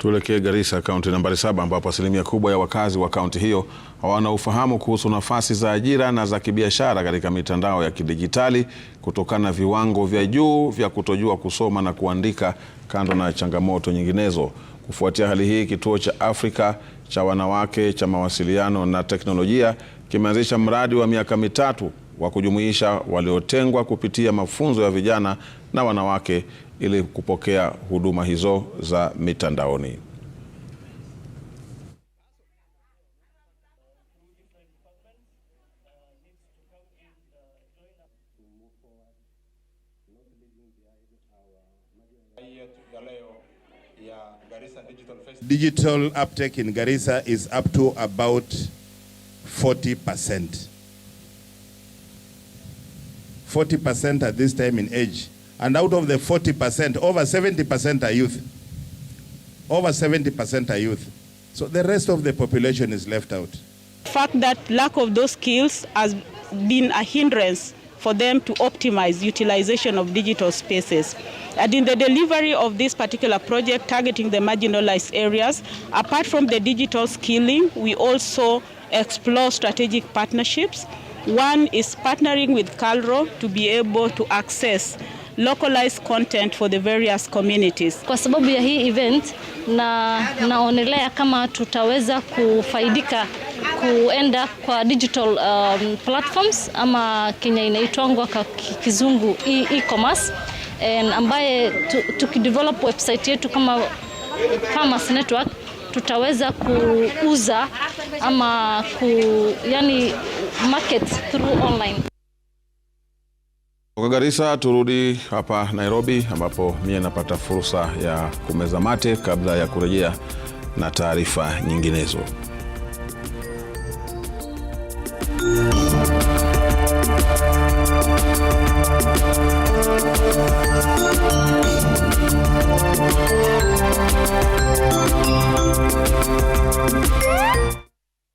Tuelekee Garissa, kaunti nambari saba, ambapo asilimia kubwa ya wakazi wa kaunti hiyo hawana ufahamu kuhusu nafasi za ajira na za kibiashara katika mitandao ya kidijitali kutokana na viwango vya juu vya kutojua kusoma na kuandika, kando na changamoto nyinginezo. Kufuatia hali hii, kituo cha Afrika cha wanawake cha mawasiliano na teknolojia kimeanzisha mradi wa miaka mitatu wa kujumuisha waliotengwa kupitia mafunzo ya vijana na wanawake ili kupokea huduma hizo za mitandaoni. Digital uptake in Garissa is up to about 40%. 40% at this time in age. And out of the 40%, over 70% are youth. Over 70% are youth. So the rest of the population is left out. The fact that lack of those skills has been a hindrance for them to optimize utilization of digital spaces. And in the delivery of this particular project targeting the marginalized areas, apart from the digital skilling, we also explore strategic partnerships One is partnering with Calro to be able to access localized content for the various communities. Kwa sababu ya hii event na naonelea kama tutaweza kufaidika kuenda kwa digital um, platforms ama Kenya inaitwangwa kwa kizungu e-, e-commerce ambaye tukidevelop website yetu kama Farmers Network tutaweza kuuza ama ku, yani market through online. Kutoka Garissa turudi hapa Nairobi, ambapo mie napata fursa ya kumeza mate kabla ya kurejea na taarifa nyinginezo.